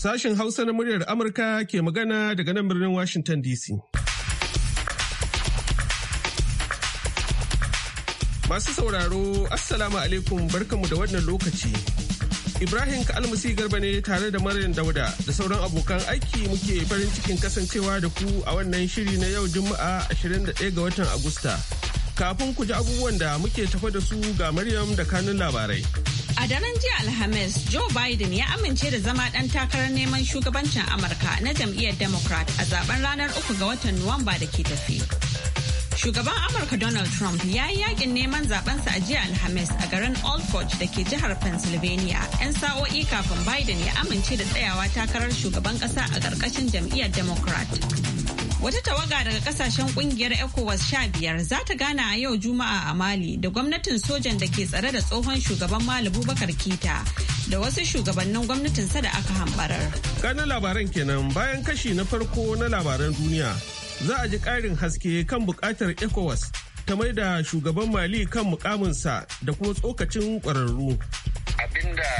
Sashen Hausa na muryar Amurka ke magana daga nan birnin Washington DC. Masu sauraro, Assalamu alaikum barkanmu da wannan lokaci. Ibrahim Kalmasi Garba ne tare da Maryam Dauda da sauran abokan aiki muke farin cikin kasancewa da ku a wannan shiri na yau Juma'a 21 ga watan Agusta. Kafin ku ji abubuwan da muke tafa da su ga Maryam da kanun labarai. A daren jiya Alhamis, Joe Biden ya amince da zama ɗan takarar neman shugabancin Amurka na jam'iyyar Democrat a zaben ranar uku ga watan Nuwamba da ke tafi. Shugaban Amurka Donald Trump ya yi yakin neman zabensa a jiya Alhamis a garin Old Forge da ke jihar Pennsylvania 'yan sa'o'i kafin Biden ya amince da tsayawa takarar shugaban ƙasa a ƙarƙashin jam'iyyar Democrat. Wata tawaga daga kasashen kungiyar ECOWAS sha biyar za ta gana a yau Juma'a a Mali da gwamnatin sojan da ke tsare da tsohon shugaban Mali Bubakar Kita da wasu shugabannin gwamnatin sa da aka hambarar. Kanan labaran kenan bayan kashi na farko na labaran duniya za a ji ƙarin haske kan buƙatar ECOWAS ta mai da shugaban Mali kan mukaminsa da kuma tsokacin ƙwararru. Abinda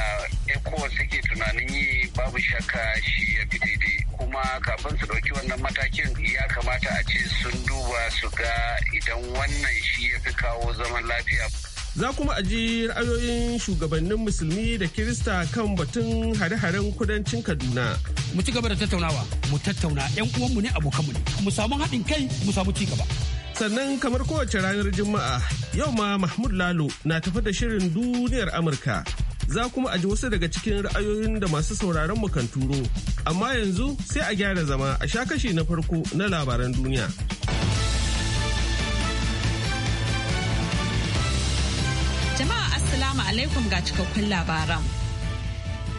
ECOWAS suke tunanin yi babu shaka shi ya fi daidai. kuma kafin su ɗauki wannan matakin ya kamata a ce sun duba su ga idan wannan shi ya fi kawo zaman lafiya. Za kuma a ji ra'ayoyin shugabannin musulmi da Kirista kan batun hare-haren kudancin Kaduna. Mu ci gaba da tattaunawa, mu tattauna 'yan uwanmu ne abokanmu ne, mu samu haɗin kai, mu samu ci gaba. Sannan kamar kowace ranar Juma'a, yau ma Mahmud Lalo na tafi da shirin duniyar Amurka. za kuma a ji wasu daga cikin ra'ayoyin da masu sauraron mu kan turo. Amma yanzu sai a gyara zama a sha kashi na farko na labaran duniya. Jama'a Assalamu alaikum ga cikakkun labaran.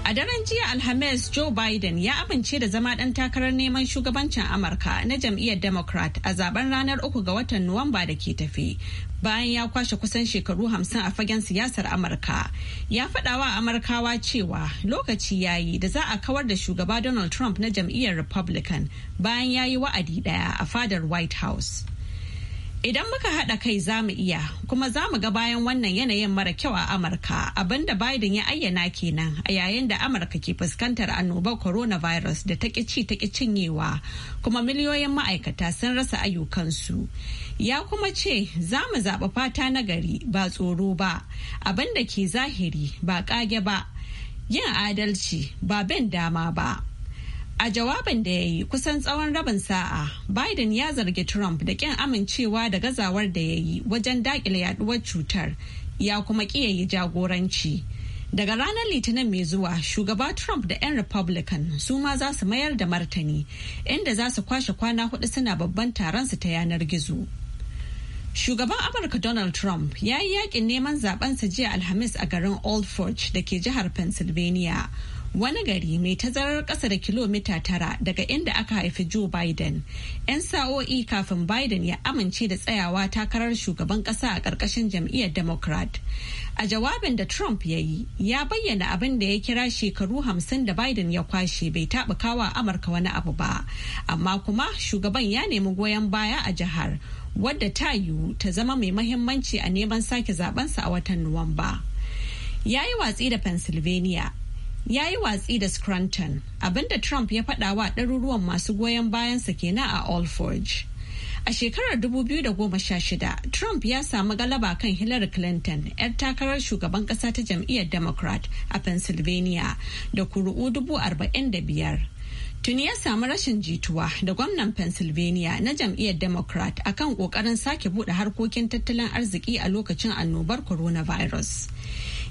A daren jiya Alhamis Joe Biden ya amince da zama ɗan takarar neman shugabancin Amurka na jam'iyyar Democrat a zaben ranar uku ga watan Nuwamba da ke tafi. Bayan ya kwashe kusan shekaru hamsin a fagen siyasar Amurka, ya faɗawa Amurkawa cewa lokaci ya yi da za a kawar da shugaba Donald Trump na jam'iyyar Republican bayan ya yi wa'adi ɗaya a fadar White House. Idan muka haɗa kai za mu iya, kuma za mu ga bayan wannan yanayin mara kyau a Amurka abinda Biden ya ayyana kenan a yayin da Amurka ke fuskantar annobar coronavirus da ta ci ta cinyewa, kuma miliyoyin ma'aikata sun rasa ayyukansu. Ya kuma ce za mu zaɓi fata na gari ba tsoro ba, abinda ke zahiri ba ƙage ba, yin adalci ba bin dama ba. A jawabin da ya yi kusan tsawon rabin sa'a, Biden ya zargi Trump da ƙin amincewa da gazawar da ya yi wajen daƙile yaduwar cutar, ya kuma ƙiyaye jagoranci. Daga ranar Litinin mai zuwa, shugaba Trump da 'yan Republican su ma za su mayar da martani, inda za su kwashe kwana hudu suna babban taron su ta yanar gizo. Shugaban Amurka Donald Trump ya yi yakin neman zabensa jiya Alhamis a garin Old Forge da ke jihar Pennsylvania. wani gari mai tazarar kasa da kilomita tara daga inda aka haifi Joe Biden. 'Yan sa'o'i kafin Biden ya amince da tsayawa takarar shugaban kasa a ƙarƙashin jam'iyyar Democrat. A jawabin da Trump ya yi, ya bayyana abin da ya kira shekaru hamsin da Biden ya kwashe bai taɓa kawa Amurka wani abu ba. Amma kuma shugaban ya nemi goyon baya a jihar, wadda ta yiwu ta zama mai mahimmanci a neman sake zabensa a watan Nuwamba. Ya yi watsi da Pennsylvania ya yi watsi da Scranton, abinda Trump ya faɗa wa ɗaruruwan masu goyon bayansa kenan a All Forge. A shekarar 2016, Trump ya samu galaba kan Hillary Clinton, 'yar takarar shugaban ƙasa ta jam'iyyar Democrat a Pennsylvania, da kuru'u biyar. Tuni ya samu rashin jituwa da gwamnan Pennsylvania na jam'iyyar Democrat a kan ƙoƙarin sake buɗe harkokin tattalin arziki a lokacin annobar coronavirus.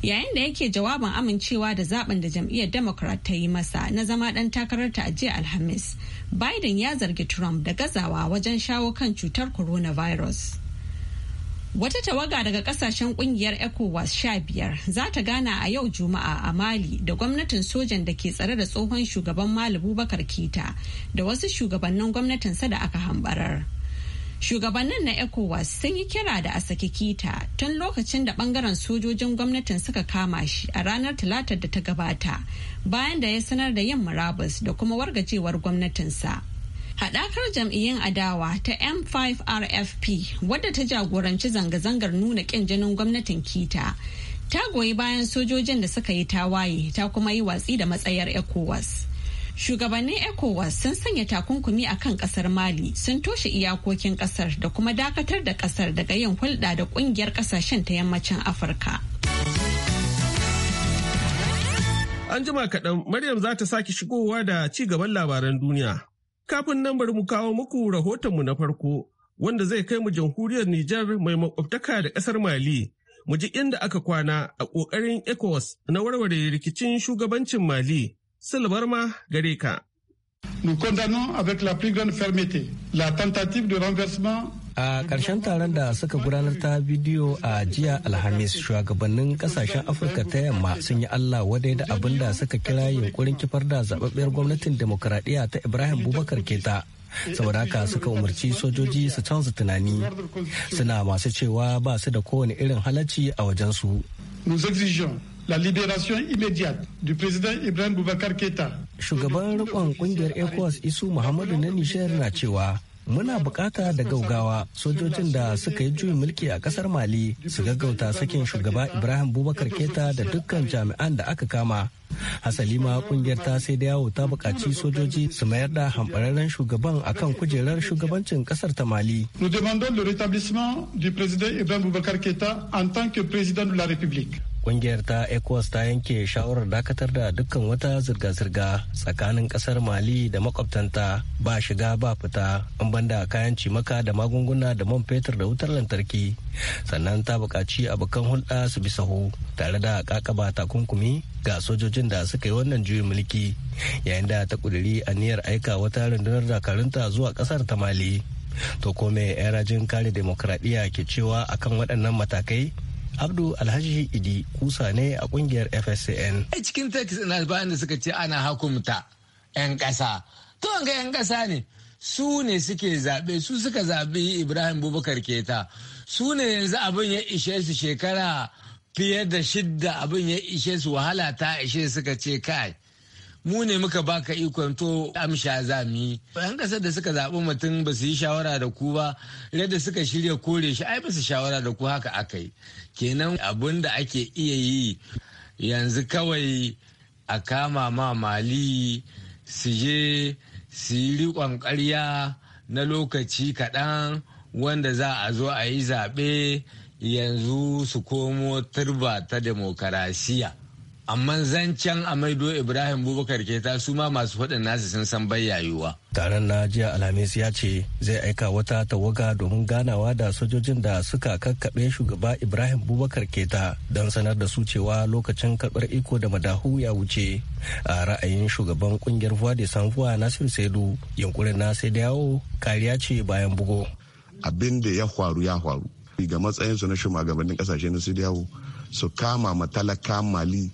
yayin da yake jawabin amincewa da zaben da jam'iyyar democrat ta yi masa na zama dan takararta a jiya alhamis biden ya zargi trump da gazawa wajen shawo kan cutar coronavirus wata tawaga daga kasashen kungiyar ecowas sha biyar za ta gana a yau juma'a a mali da gwamnatin sojan da ke tsare da tsohon shugaban Malibu bakar kita da wasu shugabannin gwamnatinsa da aka hambarar. Shugabannin na ECOWAS sun yi kira da a saki kita tun lokacin da bangaren sojojin gwamnatin suka kama shi a ranar talatar da ta gabata bayan da ya sanar da yin murabus da kuma wargajewar gwamnatinsa. Haɗakar jam'iyyun adawa ta M5RFP wadda ta jagoranci zanga-zangar nuna ƙin jinin gwamnatin kita ta goyi bayan sojojin da suka yi tawaye ta kuma yi watsi da matsayar ECOWAS. Shugabannin ECOWAS sun sanya takunkumi a kan kasar Mali sun toshe iyakokin kasar da kuma dakatar da kasar daga yin hulɗa da ƙungiyar ƙasashen ta yammacin Afirka. An jima kaɗan Maryam za ta sake shigowa da ci gaban labaran duniya. Kafin nan bari mu kawo muku mu na farko wanda zai kai mu jamhuriyar Nijar mai makwabtaka da ƙasar Mali. Mu ji inda aka kwana a ƙoƙarin ECOWAS na warware rikicin shugabancin Mali Silbar ma gare ka. Nous condamnons avec la plus grande fermeté la tentative de renversement A ƙarshen taron da suka gudanar ta bidiyo a jiya Alhamis shugabannin ƙasashen Afirka ta yamma sun yi Allah wadai da abin da suka kira yunkurin kifar da zababbiyar gwamnatin demokuraɗiyya ta Ibrahim Bubakar Keta. saboda haka suka umarci sojoji su canza tunani suna masu cewa ba su da kowane irin halacci a wajensu. Nous la libération immédiate du président Ibrahim Boubacar Keita. Shugaban rikon kungiyar ECOWAS Isu Muhammadu na Nishiyar na cewa muna bukata da gaugawa sojojin da suka yi juyin mulki a kasar Mali su gaggauta sakin shugaba Ibrahim Bubakar keta da dukkan jami'an da aka kama. Hasali ma kungiyar ta sai da yawo ta bukaci sojoji su mayar da hambararren shugaban a kan kujerar shugabancin kasar ta Mali. Nous demandons le rétablissement du président Ibrahim Boubacar keta en tant que président de la République. Ƙungiyar ta ECOWAS ta yanke shawarar dakatar da dukkan wata zirga-zirga tsakanin ƙasar Mali da makwabtanta ba shiga ba fita an banda kayan cimaka da magunguna da man fetur da wutar lantarki. Sannan ta buƙaci abokan hulɗa su bi sahu tare da ƙaƙaba takunkumi ga sojojin da suka yi wannan juyin mulki yayin da ta ƙudiri niyyar aika wata rundunar dakarunta zuwa ƙasar ta Mali. To kome 'yan kare demokradiyya ke cewa akan waɗannan matakai? abdu alhaji idi kusa ne a kungiyar fscn a cikin text in bayan da suka ce ana hakumta 'yan ƙasa to ga 'yan ƙasa ne su ne suke zaɓe su suka zaɓi ibrahim bubakar keta su ne yanzu abin ya ishe su shekara fiye da shidda abin ya ishe su wahala ta ishe suka ce kai mu ne muka baka ikon to amsha za mu yi yan kasar da suka zaɓi mutum ba su yi shawara da ku ba da suka shirya kore shi ai ba su shawara da ku haka aka yi kenan abun da ake iya yi yanzu kawai a kama ma mali su je su yi riƙon ƙarya na lokaci kaɗan wanda za a zo a yi zaɓe yanzu su komo turba ta demokarasiya amma zancen amaido ibrahim bubakar keta su ma masu faɗin nasu sun san bayyayuwa taron na jiya alhamis ya ce zai aika wata tawaga domin ganawa da sojojin da suka kakkaɓe shugaba ibrahim bubakar keta don sanar da su cewa lokacin karɓar iko da madahu ya wuce a ra'ayin shugaban kungiyar voix de sanfuwa nasir saidu yunkurin na sai yawo kariya ce bayan bugo abin da ya faru ya faru ga matsayinsu na shugabannin kasashe na su kama matalaka mali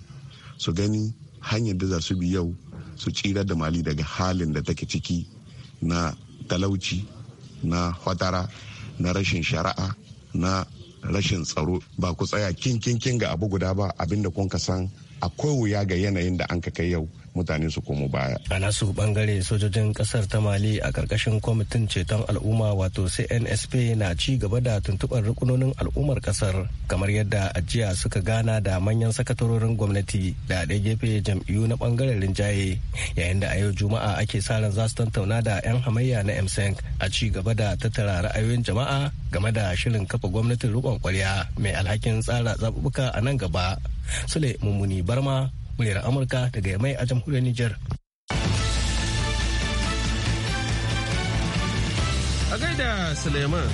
su gani hanyar da za su bi yau su tsira da mali daga halin da take ciki na talauci na fatara na rashin shari'a na rashin tsaro ba ku tsaya kin kin kin ga abu guda ba abinda kun ka san akwai wuya ga yanayin da an ka kai yau mutane su komo baya. A nasu bangare sojojin kasar ta Mali a karkashin kwamitin ceton al'umma wato CNSP na ci gaba da tuntuɓar rukunonin al'ummar kasar kamar yadda ajiya suka gana da manyan sakatarorin gwamnati da ɗaya gefe jam'iyyu na bangaren rinjaye yayin da a yau juma'a ake sa ran za su tattauna da 'yan hamayya na MSENC a ci gaba da tattara ra'ayoyin jama'a game da shirin kafa gwamnatin riƙon kwarya mai alhakin tsara zaɓuɓɓuka a nan gaba. Sule Mummuni Barma muryar Amurka daga mai a jamhuriyar Nijar. A gaida Suleiman,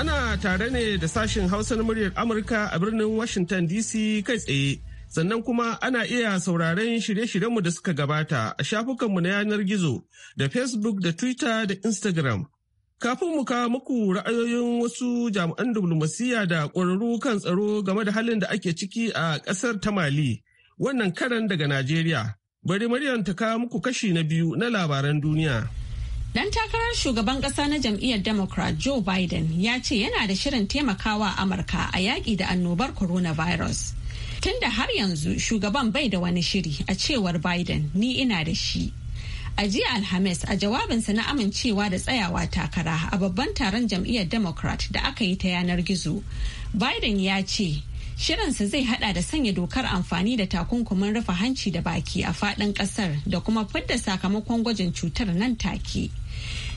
ana tare ne da sashen Hausa na muryar Amurka a birnin Washington DC kai tsaye. Sannan kuma ana iya sauraron shirye-shiryenmu da suka gabata a shafukanmu na yanar gizo da Facebook da Twitter da Instagram. Kafin mu kawo muku ra'ayoyin wasu jami'an diflomasiyya da ƙwararru kan tsaro game da halin da ake ciki a ƙasar ta Mali Wannan karan daga Najeriya, bari Maryam ta kawo muku kashi na biyu na labaran duniya. Dan takarar shugaban kasa na jam'iyyar Democrat Joe Biden ya ce yana da shirin taimakawa Amurka a yaƙi da annobar coronavirus. Tun da har yanzu shugaban bai da wani shiri a cewar Biden ni ina da shi. A jiya Alhamis a jawabinsa na amincewa da tsayawa takara a babban taron jam'iyyar Democrat da aka yi ta yanar gizo. Biden ya ce Shirinsa zai hada da sanya dokar amfani da takunkumin rufe hanci da baki a faɗin ƙasar da kuma fidda sakamakon gwajin cutar nan take.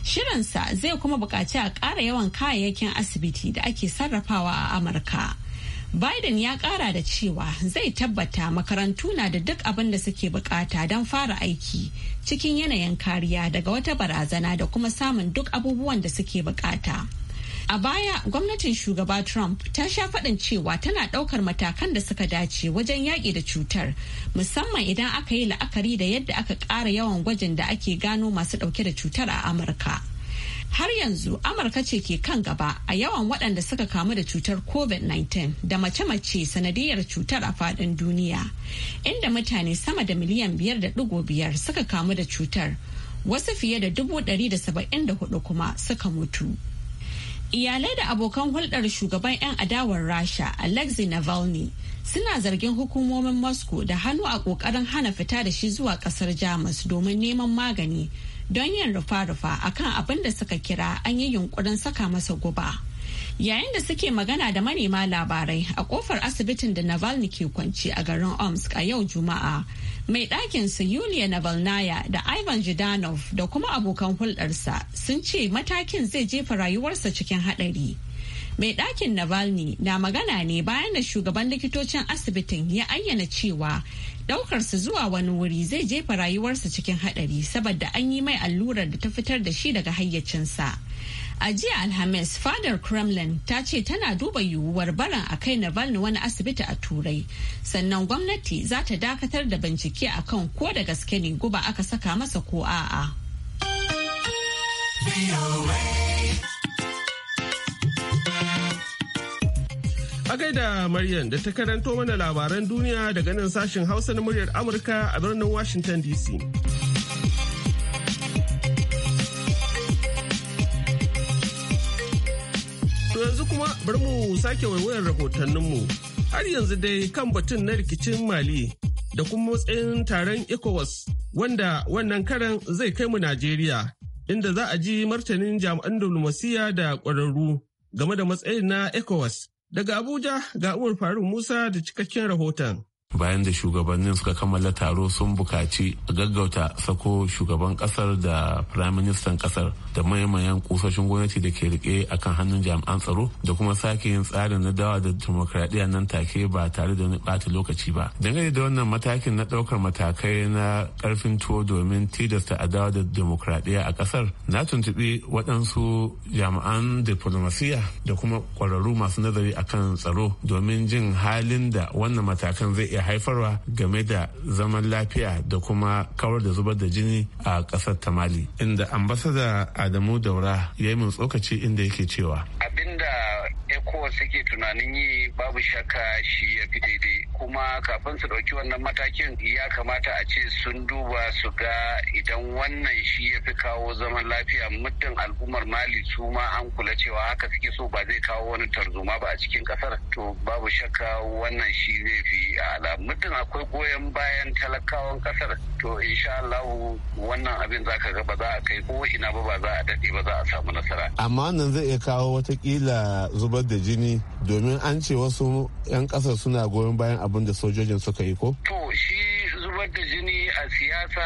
Shirinsa zai kuma buƙaci a ƙara yawan kayayyakin asibiti da ake sarrafawa a Amurka. Biden ya ƙara da cewa zai tabbata makarantu na da duk abin da suke bukata don fara aiki cikin yanayin kariya daga wata barazana da kuma samun duk abubuwan da suke bukata. A baya gwamnatin shugaba Trump ta sha faɗin cewa tana ɗaukar matakan da suka dace wajen yaƙi da cutar musamman idan aka yi la'akari da yadda aka ƙara yawan gwajin da ake gano masu ɗauke da cutar a Amurka. Har yanzu Amurka ce ke kan gaba a yawan waɗanda suka kamu da cutar COVID-19 da mace-mace sanadiyar cutar a faɗin duniya, inda mutane sama da miliyan biyar da ɗigo biyar suka kamu da cutar, wasu fiye da dubu ɗari da saba'in da hudu kuma suka mutu. iyalai da abokan hulɗar shugaban 'yan adawar rasha alexei navalny suna zargin hukumomin moscow da hannu a ƙoƙarin hana fita da shi zuwa ƙasar jamus domin neman magani don yin rufa-rufa akan abin da suka kira an yi yunkurin saka masa guba. yayin da suke magana da manema labarai a kofar asibitin da navalny ke kwanci a garin omsk a yau juma'a mai su yulia navalnaya da ivan jidanov da kuma abokan hulɗarsa sun ce matakin zai jefa rayuwarsa cikin haɗari mai ɗakin navalny na magana ne bayan da shugaban likitocin asibitin ya ayyana cewa su zuwa wani wuri zai jefa rayuwarsa cikin haɗari saboda an yi mai allurar da ta fitar da shi daga hayyacinsa A jiya Alhamis, fadar Kremlin ta ce tana duba yiwuwar barin a kai Navalny wani asibiti a Turai. Sannan gwamnati za ta dakatar da bincike a kan ko da gaske ne guba aka saka masa ko a'a. A gaida Maryam da ta karanto mana labaran duniya daga nan sashen Hausa na muryar Amurka a birnin Washington DC. kuma bari mu sake waiwayar mu har yanzu dai kan batun na rikicin mali da kuma matsayin taron ecowas wanda wannan karan zai kai mu najeriya inda za a ji martanin jami'an diplomasiya da ƙwararru game da matsayin na ecowas daga abuja ga umar faruk musa da cikakken rahoton bayan da shugabannin suka kammala taro sun bukaci a gaggauta sako shugaban kasar da firaministan kasar da mayan kusoshin gwamnati da ke rike a kan hannun jami'an tsaro da kuma sake yin tsarin na dawa da demokradiyya nan take ba tare da wani bata lokaci ba dangane da wannan matakin na daukar matakai na karfin tuwo domin tilasta a dawa da demokradiyya a kasar na tuntubi waɗansu jami'an diplomasiya da kuma kwararru masu nazari akan tsaro domin jin halin da wannan matakan zai iya haifarwa game da zaman lafiya da kuma kawar da zubar da jini a ƙasar tamali. mali inda ambasada adamu daura ya yi min tsokaci inda yake cewa kowa ke tunanin yi babu shakka shi ya fi daidai kuma kafin su ɗauki wannan matakin ya kamata a ce sun duba su ga idan wannan shi ya fi kawo zaman lafiya muddin al'ummar mali su ma an kula cewa haka suke so ba zai kawo wani tarzoma ba a cikin kasar to babu shakka wannan shi zai fi ala muddin akwai goyon bayan talakawan kasar to insha Allah wannan abin za ka ga ba za a kai ko ina ba ba za a daɗe ba za a samu nasara amma nan zai iya kawo watakila zubar da da jini domin an ce wasu 'yan ƙasar suna goyon bayan abin da sojojin suka yi ko? To shi zubar da jini a siyasa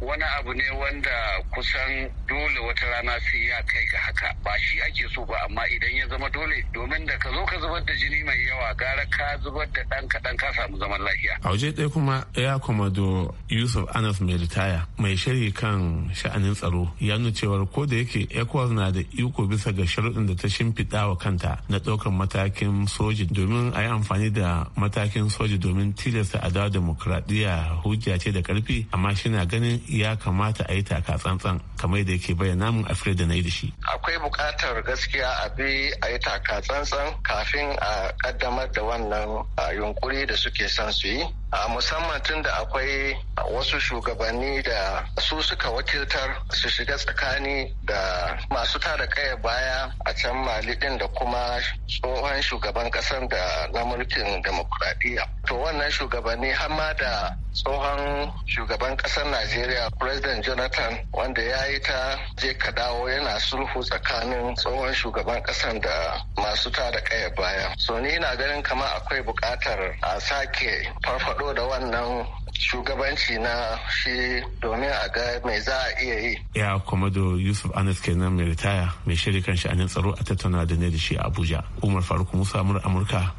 wani abu ne wanda kusan dole wata rana sai ya kai ga haka ba shi ake so ba amma idan ya zama dole domin da ka zo ka zubar da jini mai yawa gara ka zubar da ɗan kaɗan ka samu zaman lafiya. A waje ɗaya kuma ya do Yusuf Anas mai ritaya mai shari kan sha'anin tsaro ya nuna cewar ko da yake ecuador na da iko bisa ga sharuɗin da ta shimfiɗa wa kanta na ɗaukar matakin soji domin a yi amfani da matakin soji domin tilasta a dawo demokuraɗiyya hujja ce da karfi amma shi na ganin ya kamata a yi taka tsantsan kamar da yake bayyana mun a da na yi da shi. Akwai buƙatar gaskiya a bi a yi taka tsantsan kafin a kaddamar da wannan yunkuri da suke son su yi A musamman tun da akwai wasu shugabanni da su suka wakiltar su shiga tsakani da masu tada kaya baya a can mali din da kuma tsohon shugaban kasar da na mulkin demokuraɗiyya to wannan shugabanni har ma da tsohon shugaban kasar najeriya president jonathan wanda ya yi ta je ka dawo yana sulhu tsakanin tsohon shugaban kasar da masu tada kaya baya so ni na ganin kama akwai buƙatar a sake farfaɗo farfado da wannan shugabanci na shi domin a ga mai za a iya yi. Ya Kwamado Yusuf Anas kenan mai ritaya mai shirin kan sha'anin tsaro a tattauna da ne da shi a Abuja. Umar Faruk Musa Amurka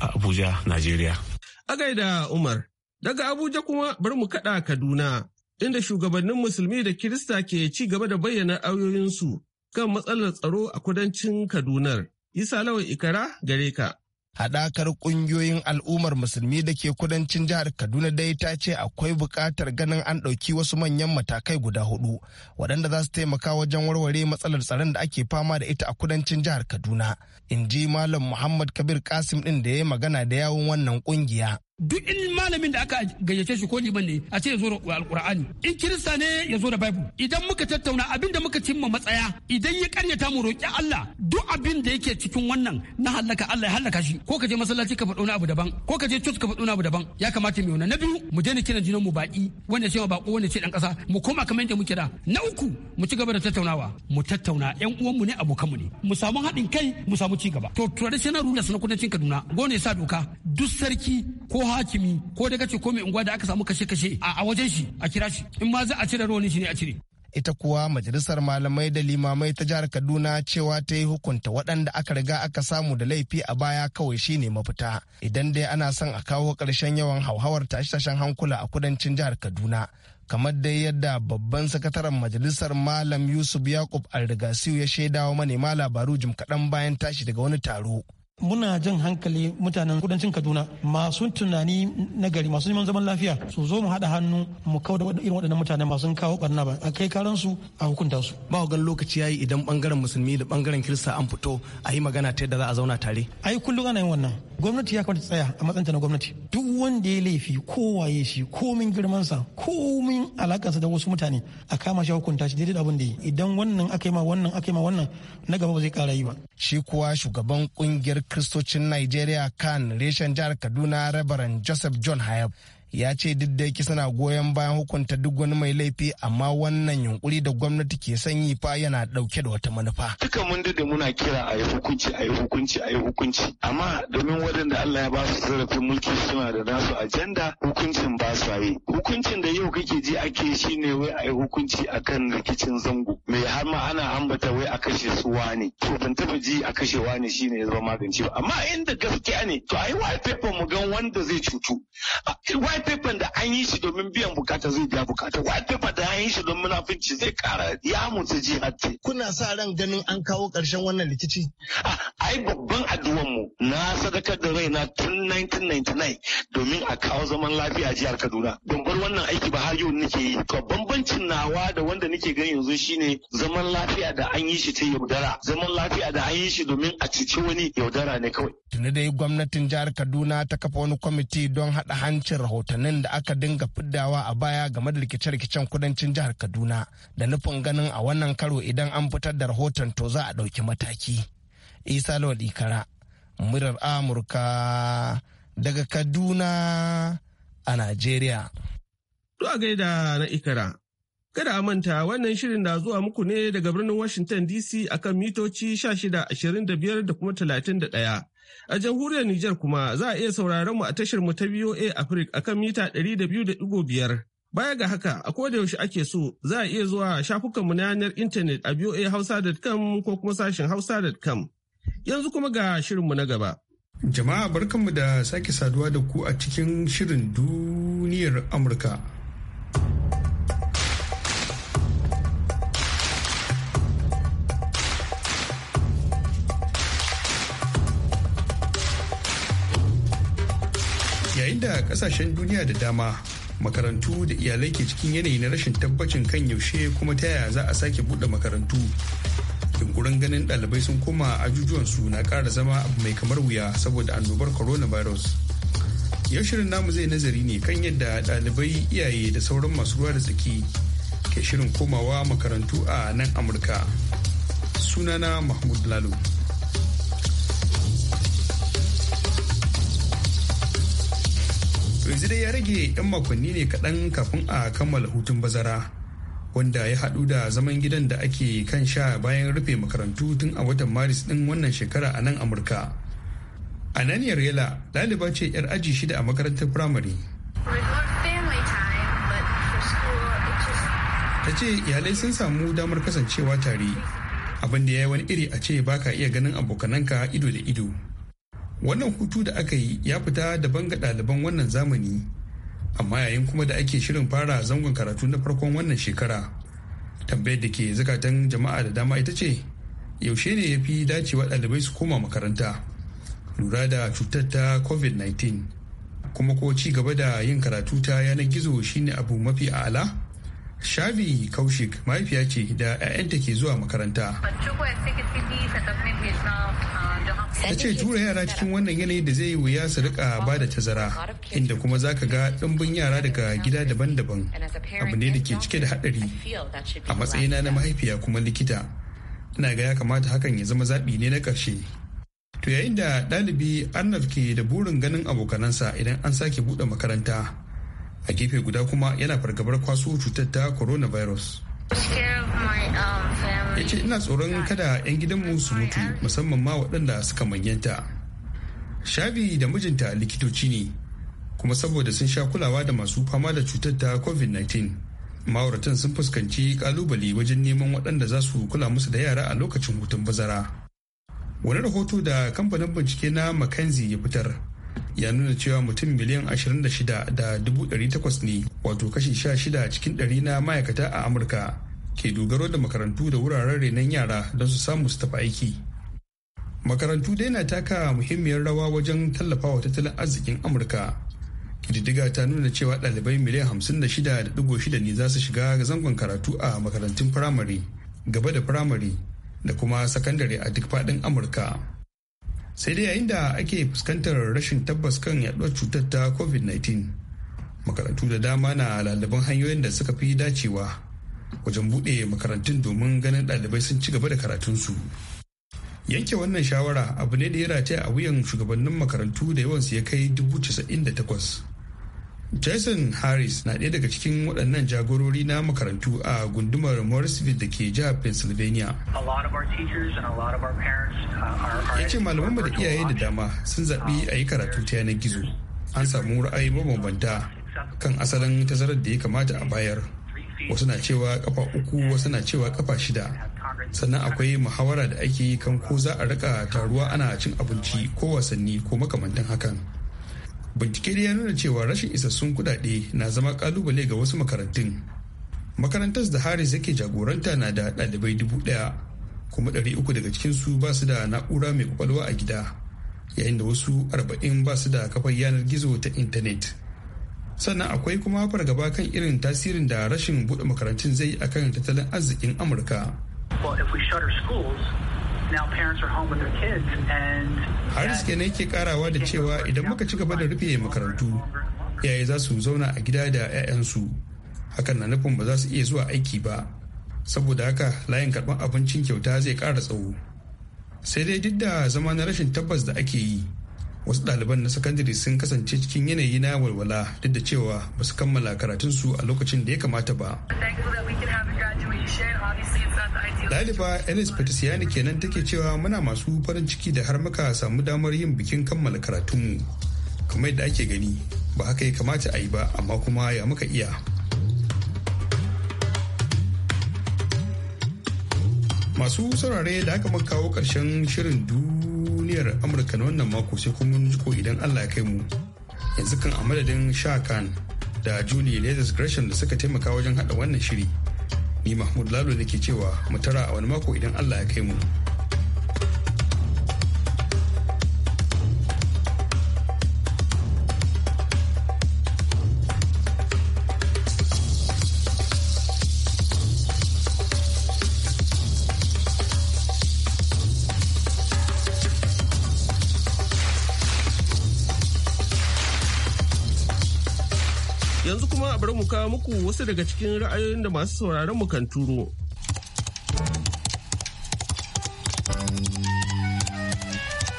a Abuja, Najeriya. A gaida Umar, daga Abuja kuma bar mu kaɗa Kaduna, inda shugabannin musulmi da Kirista ke ci gaba da bayyana ayoyinsu kan matsalar tsaro a kudancin Kadunar. Isa Lawan Ikara gare ka. haɗakar ƙungiyoyin al'ummar musulmi da ke kudancin jihar kaduna dai ta ce akwai bukatar ganin an ɗauki wasu manyan matakai guda hudu waɗanda za su taimaka wajen warware matsalar tsaron da ake fama da ita a kudancin jihar kaduna in ji malam muhammad kabir kasim ɗin da ya yi magana da yawon wannan ƙungiya duk in malamin da aka gayyace shi ko liman ne a ce ya zo da alkur'ani in kirista ne ya zo da bible idan muka tattauna abin da muka cimma matsaya idan ya karyata mu roƙi Allah duk abin da yake cikin wannan na halaka Allah ya halaka shi ko ka je masallaci ka faɗo na abu daban ko ka je church ka faɗo na abu daban ya kamata mu na biyu mu daina kiran jinan mu baki wanda ce bako wanda ce dan ƙasa mu koma kamar yadda muke da na uku mu ci gaba da tattaunawa mu tattauna yan mu ne abokan mu ne mu samu haɗin kai mu samu ci gaba to traditional rulers na kudancin Kaduna gone sa doka duk sarki ko hakimi ko da kace ko mai unguwa da aka samu kashe-kashe a wajen shi a kira shi in ma za a cire rawanin shi ne a cire ita kuwa majalisar malamai da limamai ta jihar kaduna cewa ta yi hukunta waɗanda aka riga aka samu da laifi a baya kawai shine mafita idan dai ana son a kawo ƙarshen yawan hauhawar tashe-tashen hankula a kudancin jihar kaduna kamar dai yadda babban sakataren majalisar malam yusuf yakub alrigasiyu ya shaidawa manema labaru jim kaɗan bayan tashi daga wani taro muna jan hankali mutanen kudancin kaduna masu tunani na gari masu neman zaman lafiya su zo mu haɗa hannu mu kawo da irin waɗannan mutane masu kawo barna ba a kai karan su a hukunta su ba gan lokaci yayi idan bangaren musulmi da bangaren kirista an fito a yi magana ta yadda za a zauna tare ai kullum ana yin wannan gwamnati ya kamata tsaya a matsayin na gwamnati duk wanda ya laifi ko waye shi komin girmansa komin alakansa da wasu mutane a kama shi hukunta shi daidai abin da yi idan wannan aka yi ma wannan aka yi ma wannan na gaba ba zai kara yi ba shi kuwa shugaban kungiyar Kiristocin Nigeria kan reshen jihar Kaduna Reverend Joseph John Hayab ya ce duk da yake suna goyon bayan hukunta duk wani mai laifi amma wannan yunkuri da gwamnati ke sanyi fa yana dauke da wata manufa. Duka mun da muna kira a yi hukunci a yi hukunci a yi hukunci amma domin waɗanda Allah ya ba su zarafin mulki suna da nasu ajanda hukuncin ba su yi. Hukuncin da yau kake ji ake shi ne wai a yi hukunci akan rikicin zango. Mai har ma ana ambata wai a kashe su wane. To ban taba ji a kashe wane shi ne ya zama magance ba. Amma inda gaskiya ne to a yi wa mu gan wanda zai cutu. white paper da an yi shi domin biyan bukata zai biya bukata white paper da an yi shi domin munafinci zai kara ya mutu ji hatte Kuna sa ran ganin an kawo karshen wannan rikici? Ai babban addu'an mu na sadakar da raina tun 1999 domin a kawo zaman lafiya a jihar Kaduna. Don bar wannan aiki ba har yau nake yi. To bambancin nawa da wanda nake gani yanzu shine zaman lafiya da an yi shi ta yaudara. Zaman lafiya da an yi shi domin a cici wani yaudara ne kawai. tunda dai gwamnatin jihar Kaduna ta kafa wani kwamiti don hada hancin rahoton rahotannin da aka dinga fiddawa a baya game da rikice-rikicen kudancin jihar kaduna da nufin ganin a wannan karo idan an fitar da rahoton to za a ɗauki mataki isa lawal kara murar amurka daga kaduna a najeriya a gaida na ikara Kada a manta wannan shirin na zuwa muku ne daga birnin Washington DC akan mitoci 1625 da kuma 31 A jamhuriyar Nijar kuma za a iya sauraron mu a tashar mu ta VOA Africa akan mita 200.5. Baya ga haka, a koda yaushe ake so za a iya zuwa shafukan mu na yanar intanet a voahausa.com ko kuma sashin hausa.com. Yanzu kuma ga shirin mu na gaba. Jama'a barkanmu da sake saduwa da ku a cikin shirin duniyar Amurka. yayin da kasashen duniya da dama makarantu da iyalai ke cikin yanayi na rashin tabbacin kan yaushe kuma ta yaya za a sake buɗe makarantu yunkurin ganin ɗalibai sun koma ajujuwan su na kara zama abu mai kamar wuya saboda annobar coronavirus yau shirin namu zai nazari ne kan yadda ɗalibai iyaye da sauran masu ruwa da tsaki ke shirin komawa makarantu a nan amurka sunana mahmud lalo yanzu dai ya rage 'yan makonni ne kaɗan kafin a kammala hutun bazara wanda ya haɗu da zaman gidan da ake kan sha bayan rufe makarantu tun a watan maris ɗin wannan shekara a nan amurka ananiyar yala ɗaliba ce 'yar aji shida a makarantar firamare ta ce iyalai sun samu damar kasancewa tare abin da ya yi wani iri a ce baka iya ganin abokananka ido da ido wannan hutu da aka yi ya fita daban ga ɗaliban wannan zamani amma yayin kuma da ake shirin fara zangon karatu na farkon wannan shekara tambayar da ke zukatan jama'a da dama ita ce yaushe ne ya fi dacewa ɗalibai su koma makaranta lura da cutar ta covid-19 kuma ko ci gaba da yin karatu ta yanar gizo shine abu mafi a'ala Shabi Kaushik mahaifiya ce da 'ya'yanta ke zuwa makaranta. Ta ce tura yara cikin wannan yanayi da zai wuya su rika ba da tazara inda kuma za ka ga ɗumbin yara daga gida daban-daban abu ne da ke cike da haɗari a matsayina na mahaifiya kuma likita. Ina ga ya kamata hakan ya zama zaɓi ne na ƙarshe. To yayin da ɗalibi Arnab ke da burin ganin abokanansa idan an sake buɗe makaranta. a gefe guda kuma yana fargabar kwaso cutar ta coronavirus ya ce ina tsoron kada 'yan gidanmu su mutu musamman ma waɗanda suka manyanta shabi da mijinta likitoci ne kuma saboda sun sha kulawa da masu fama da cutar ta covid-19 ma'auratan sun fuskanci kalubale wajen neman waɗanda za su kula musu da yara a lokacin hutun bazara wani rahoto da kamfanin bincike na mckenzie ya fitar ya nuna cewa mutum miliyan 26,800 ne wato kashi 16 cikin ɗari na ma'aikata a amurka ke dogaro da makarantu da wuraren renon yara don su samu su tafi aiki makarantu dai na taka muhimmiyar rawa wajen tallafawa tattalin arzikin amurka kididdiga ta nuna cewa ɗalibai miliyan 56.6 ne za su shiga zangon karatu a makarantun firamare gaba da firamare da kuma sakandare a duk faɗin amurka sai dai yayin da ake fuskantar rashin tabbas kan yaduwar cutar ta covid-19 makarantu da dama na lalaban hanyoyin da suka fi dacewa wajen buɗe makarantun domin ganin ɗalibai sun ci gaba da karatunsu yanke wannan shawara abu ne da ya rataya a wuyan shugabannin makarantu da yawansu ya kai dubu takwas. jason harris na ɗaya daga cikin waɗannan jagorori na makarantu a gundumar morrisville da ke jihar pennsylvania a lot of our teachers and a lot of our parents uh, are ya ce malamanmu da iyaye da dama sun zaɓi a yi karatu ta yanar gizo an samu ra'ayi mabambanta kan asalin tazarar da ya kamata a bayar wasu na cewa kafa uku wasu na cewa kafa shida sannan akwai muhawara da ake yi kan ko za a rika taruwa ana cin abinci ko wasanni ko makamantan hakan bincike da ya nuna cewa rashin isassun kudade na zama kalubale ga wasu makarantun makarantar da haris yake jagoranta na da ɗalibai dubu ɗaya kuma 300 daga cikinsu ba su da na'ura mai kwakwalwa a gida yayin da wasu arba'in ba su da kafar yanar gizo ta intanet sannan akwai kuma fargaba kan irin tasirin da rashin buɗe makarantun zai akan tattalin arzikin amurka harris kenan ke karawa da cewa idan muka ci gaba da rufe makarantu iyaye za su zauna a gida da 'ya'yansu hakan na nufin ba za su iya zuwa aiki ba saboda haka layin karɓar abincin kyauta zai ƙara tsawo sai dai duk da zama na rashin tabbas da ake yi wasu ɗaliban na sakandare sun kasance cikin yanayi na walwala duk da cewa ba su kammala su a lokacin da ya kamata ba ɗaliba ellis patisiyani kenan take cewa muna masu farin ciki da har muka samu damar yin bikin kammala karatunmu kamar yadda ake gani ba haka ya kamata a yi ba amma kuma ya muka iya masu saurare da aka muka kawo karshen shirin duniyar amurka na wannan mako sai kuma jiko idan allah ya kai mu yanzu kan a madadin shakan da juli latest gresham da suka taimaka wajen hada wannan shiri ni mahmud lalo da ke cewa mu tara a wani mako idan allah ya kai mu. bari mu kawo muku wasu daga cikin ra'ayoyin da masu sauraron mu kan turo.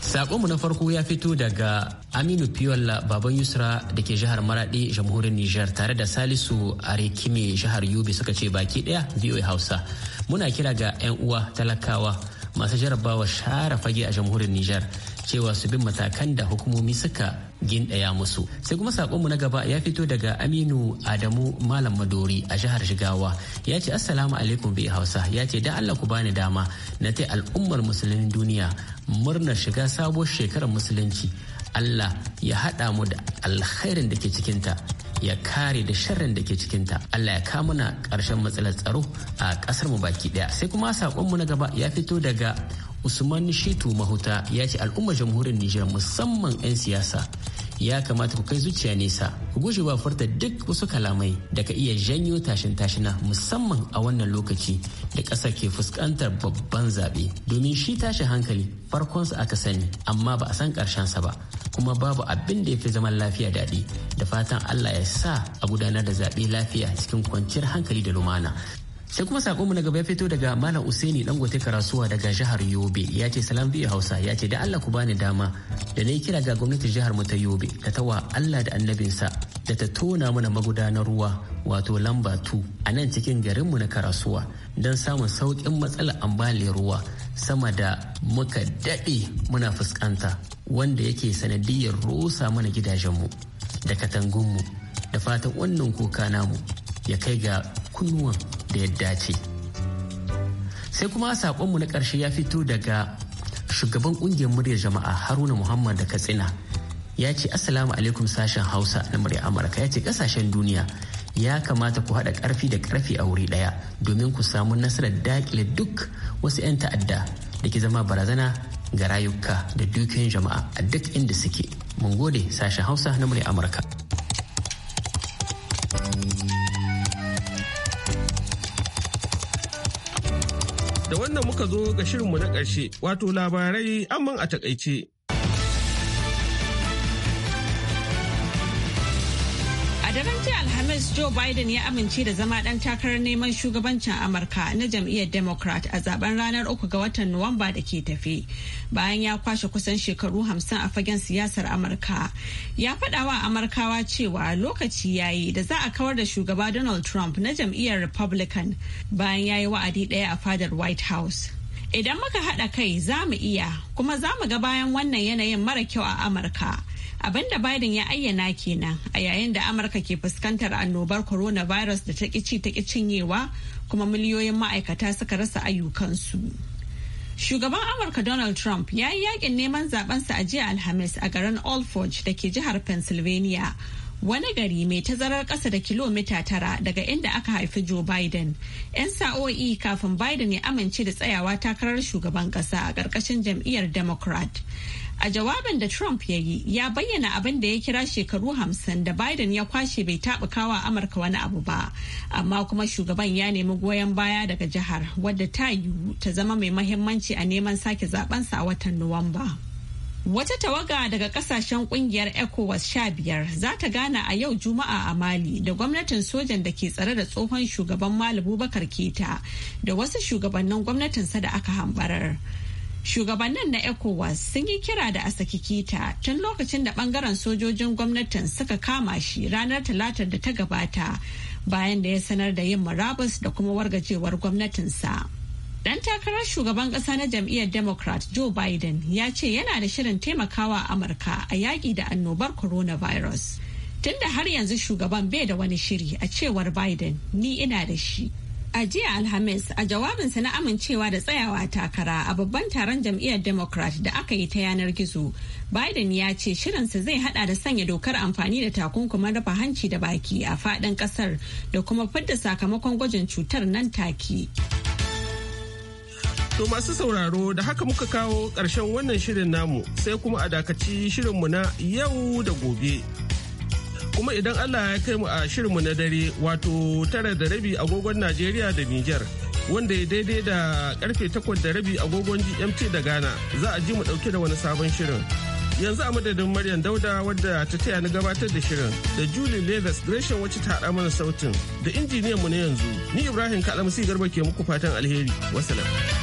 Sakonmu na farko ya fito daga Aminu Piyola Baban Yusra da ke jihar Maraɗi jamhuriyar Nijar tare da Salisu Arekime jihar Yobe suka ce baki ɗaya VOA Hausa. Muna kira ga 'yan uwa talakawa masu jarabawa share fage a jamhuriyar Nijar cewa su bin matakan da hukumomi suka gindaya musu sai kuma sakonmu na gaba ya fito daga aminu adamu malam madori a jihar shigawa ya ce assalamu alaikum bi hausa ya ce da allah ku bani dama na ta al'ummar musulmin duniya murnar shiga sabuwar shekarar musulunci allah ya haɗa mu da alkhairin da ke cikinta ya kare da sharrin da ke cikinta Allah ya kama na ƙarshen matsalar tsaro a ƙasar mu baki ɗaya sai kuma sakonmu na gaba ya fito daga usman shitu mahuta ya ce al'ummar jamhuriyar nijar musamman 'yan siyasa ya kamata ku kai zuciya nesa ku guje wa furta duk wasu kalamai da ka iya janyo tashin tashina musamman a wannan lokaci da ƙasar ke fuskantar babban zaɓe domin shi tashi hankali farkon farkonsa aka sani amma ba a san ƙarshensa ba kuma babu abin da ya fi zaman lafiya daɗi da fatan allah ya sa a gudanar da zaɓe lafiya cikin kwanciyar hankali da lumana sai kuma sakonmu na gaba ya fito daga malam usaini gote karasuwa daga jihar yobe ya ce salam biyu hausa ya ce da allah ku bani dama da na yi kira ga gwamnatin jihar mu ta yobe ta wa allah da annabinsa da ta tona mana magudanar ruwa wato lamba tu a nan cikin garinmu na karasuwa don samun sauƙin matsalar ambaliyar ruwa sama da muka daɗe muna fuskanta wanda yake sanadiyar rusa mana gidajenmu da katangunmu da fatan wannan kuka namu ya kai ga kunnuwan da ya dace sai kuma saƙonmu na ƙarshe ya fito daga shugaban ƙungiyar muryar jama'a haruna muhammad da katsina ya ce assalamu alaikum sashen hausa na muryar amurka ya ce ƙasashen duniya ya kamata ku haɗa ƙarfi da ƙarfi a wuri ɗaya domin ku samu nasarar daƙile duk wasu 'yan ta'adda da ke zama barazana ga rayuka da dukiyoyin jama'a a duk inda suke mun gode sashen hausa na muryar amurka muka zo ga shirinmu na ƙarshe wato labarai amman a takaice. President Joe Biden ya amince da zama dan takarar neman shugabancin Amurka na jam'iyyar Democrat a zaben ranar uku ga watan Nuwamba da ke tafe. Bayan ya kwashe kusan shekaru hamsin a fagen siyasar Amurka. Ya faɗawa Amurkawa cewa lokaci ya yi da za a kawar da shugaba Donald Trump na jam'iyyar Republican bayan ya yi wa'adi ɗaya a fadar White House. Idan muka haɗa kai za mu iya kuma za mu ga bayan wannan yanayin mara kyau a Amurka. abin da biden ya ayyana kenan a yayin da amurka ke fuskantar annobar coronavirus da ta kici ta cinyewa kuma miliyoyin ma'aikata suka rasa ayyukansu shugaban amurka donald trump ya yi yakin neman sa a jiya alhamis a garin old forge da ke jihar pennsylvania wani gari mai tazarar ƙasa da kilomita tara daga inda aka haifi joe biden 'yan sa'o'i kafin biden ya amince da tsayawa takarar shugaban ƙasa a ƙarƙashin jam'iyyar democrat A jawabin da Trump ya yi, ya bayyana abin da ya kira shekaru hamsin da Biden ya kwashe bai taɓa kawa Amurka wani abu ba, amma kuma shugaban ya nemi goyon baya daga jihar wadda ta yi ta zama mai mahimmanci a neman sake zabensa a watan Nuwamba. Wata tawaga daga kasashen kungiyar ECOWAS sha biyar za ta gana a yau Juma'a a Mali da gwamnatin sojan da ke tsare da tsohon shugaban Malibu Bakar Keta da wasu shugabannin gwamnatin sa da aka hambarar. shugabannin na ecowas sun yi kira da a saki kita tun lokacin da bangaren sojojin gwamnatin suka kama shi ranar talatar da ta gabata bayan da ya sanar da yin murabus da kuma wargajewar gwamnatinsa dan takarar shugaban kasa na jam'iyyar democrat joe biden ya ce yana da shirin taimakawa amurka a yaƙi da annobar coronavirus tunda har yanzu shugaban bai da wani shiri a cewar biden ni ina da shi A jiya Alhamis a jawabinsa na amincewa da tsayawa takara a babban taron jam'iyyar Democrat da aka yi ta yanar gizo, Biden ya ce shirinsa zai hada da sanya dokar amfani da takunkumin rufe hanci da baki a fadin kasar da kuma fidda sakamakon gwajin cutar nan take. To masu sauraro da haka muka kawo ƙarshen wannan shirin namu sai kuma a dakaci shirinmu na yau da gobe. kuma idan Allah ya kai mu a shirinmu na dare wato tara da rabi agogon Najeriya da Nijar wanda ya daidai da karfe takwas da rabi agogon GMT da Ghana za a ji mu dauke da wani sabon shirin. Yanzu a madadin Maryam Dauda wadda ta taya ni gabatar da shirin da Julie Leathers Gresham wacce ta haɗa mana sautin da injiniyan mu na yanzu ni Ibrahim kalamusi Garba ke muku fatan alheri. Wasalam.